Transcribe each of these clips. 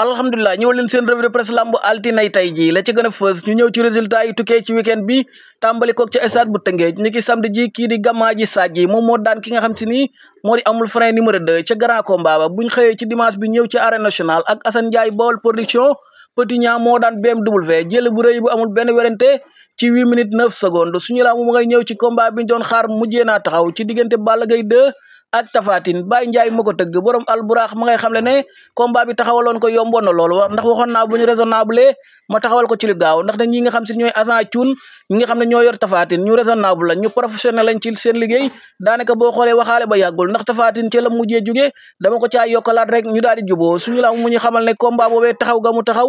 alhamdulilah ñëw leen seen revue de presse lamb altinay tay jii la ci gën a fës ñu ñëw ci résultat yi tukkee ci week bi tàmbali koog ca stade bu Tëngéej ni ki samedi ji kii ji Sadji moom moo daan ki nga xam te ni moo di amul frein numéro 2 ca grand combat ba buñ xëyee ci dimanche bi ñëw ci arène nationale ak Assane Ndiaye Baol production Petit Niang moo daan BMW jël bu rëy bu amul benn werante ci huit minutes neuf secondes suñu laa mu ngay ñëw ci combat bi ñu doon xaar ak tafatin Baye Ndiaye ma ko tëgg borom alburaax ma nga xam le ne combat bi taxawaloon ko yomboon na loolu ndax waxoon naa bu ñu raisonnable ma taxawal ko ci lu gaaw ndax nag ñi nga xam si ñooy agent cuun ñi nga xam ne ñoo yor tafatin ñu raisonnable la ñu professionnel lañ ci seen liggéey daanaka boo xoolee waxaale ba yàggul ndax tafatin ci la mujjee jugee dama ko caa yokkalaat rek ñu daal di su suñu la mu ñu xamal ne combat boobee taxaw ga mu taxaw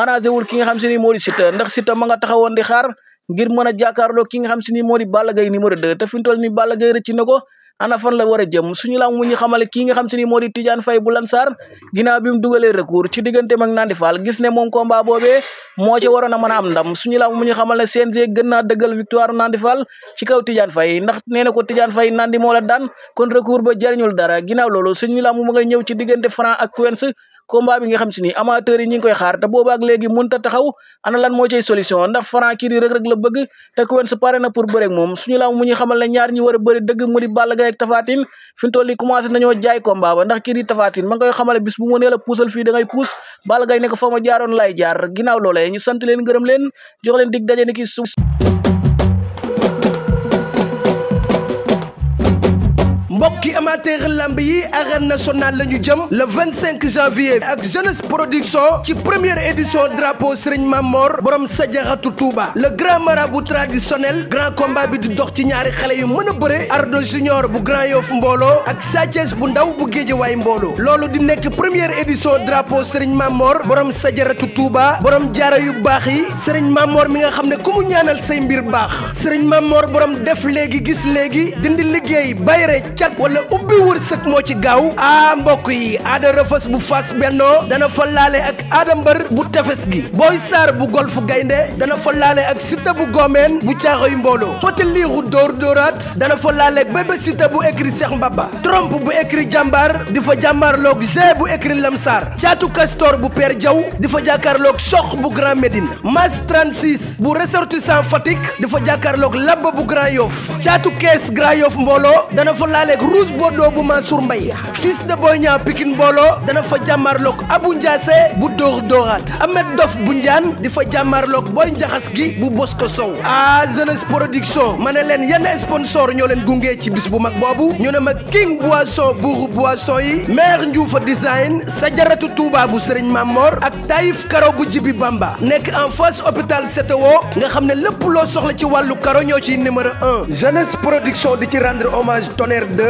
arrangé wul ki nga xam si ni moo di Siteu ndax Siteu nga taxawoon di xaar ngir mën a jàkkaarloo ki nga xam ni moo di Balla Gaye numéro 2 te fi mu toll ni Balla ko ana fan la war a jëm suñu lam mu ñu xamal kii nga xam si ni moo di Tidiane Faye bu Lansar ginnaaw bi mu dugalee recours ci digganteem ak Nandi Fall gis ne moom combat boobee moo ci waroon a a am dam suñu làmb mu ñu xamal ne CNG gën naa dëggal victoire Nandi Fall ci kaw Tidiane Faye ndax nee na ko Tidiane Faye Nandi moo la daan kon recours ba jariñul dara ginnaaw loolu suñu làmb mu nga ñëw ci diggante Franc ak Quench combat bi nga ni koy xaar te boobaak léegi mënut a moo ciy solution ndax Franc kii di la bëgg te Quench pare na pour bëre ak moom suñu làmb mu ñu xamal ne ñaar ñi war a bëri dëgg mu di Balla Gaye ak Tapha Tine fii da ngay Balla Gaye ne ko foo ma jaaroon laay jaar ginnaaw loolee ñu sant leen gërëm leen jox leen dig daje ni ki su mbokki amateur lamb yi arène nationale la ñu jëm le 25 janvier ak jeunesse production ci première édition drapeau Serigne Mamor borom sajaratu Touba le grand marabout traditionnel grand combat bi di dox ci ñaari xale yu mën a bëre Ardo Junior bu Grand Yoff mbooloo ak Sa bu ndaw bu Géejawaay mbooloo loolu di nekk première édition drapeau Serigne Mamor borom sajaratu Touba borom jaara yu baax yi Serigne Mamor mi nga xam ne ku mu ñaanal say mbir baax Serigne Mamor borom def léegi gis léegi dindi liggéey nag wala ubbi wërsëg moo ci gaaw a mbokk yi aada rëfës bu fas bennoo dana fa laale ak aada mbër bu tefes gi booy saar bu golf gaynde dana fa laale ak sita bu goomeen bu caaxoy mbooloo poti liixu dóor dóoraat dana fa laale ak bébé sita bu écrit seex mbaba trompe bu écrit jàmbaar di fa jàmbaarloog g bu écrit lamsaar caatu castor bu père jaw di fa jàkkaarlook sox bu grand médine mas 36 bu ressortissant Fatick di fa jàkkaarloog labba bu grand yoff caatu kees Rouge Bordeaux bu Mansour Mbaye fils de Boy Niang Pikine mbooloo dana fa jàmmarloog Abou Ndiassé bu Dóor Dóoraat Ahmed Dof bu Ndiane di fa jàmmarloog Boy Njaxas gi bu Bosco Sow ah Jeunesse Production ma ne sponsor ñoo leen gunge ci bis bu mag boobu ñu ne ma King Boisson buuru boisson yi maire Ndioufa design Sajaratu Touba bu Serigne Mamor ak Taïf Karo bu Jibi Bamba nekk en face hôpital Sétéwo nga xam ne lépp loo soxla ci wàllu karo ñoo ci numéro un Jeunesse Production di ci rendre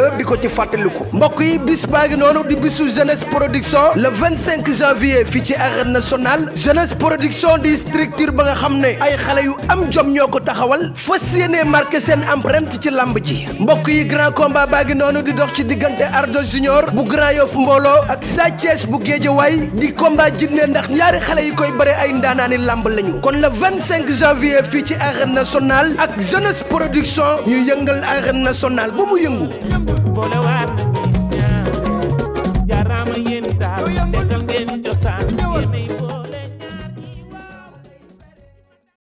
yëpp di ko ci fàttaliku mbokk yi bis baa ngi noonu di bisu jeunesse production le vingt cinq janvier fii ci arène nationale jeunesse production di structure ba nga xam ne ay xale yu am jom ñoo ko taxawal fas yéenee marqué seen empreinte ci lamb ji mbokk yi grand combat baa ngi noonu di dox ci diggante Ardo Junior bu Grand Yoff mbooloo ak Sa bu bu waay di combat jinne ndax ñaari xale yi koy bëre ay ndaanaani lamb lañu kon le vingt cinq janvier fii ci arène nationale ak jeunesse production ñu yëngal arène nationale ba mu yëngu boole waay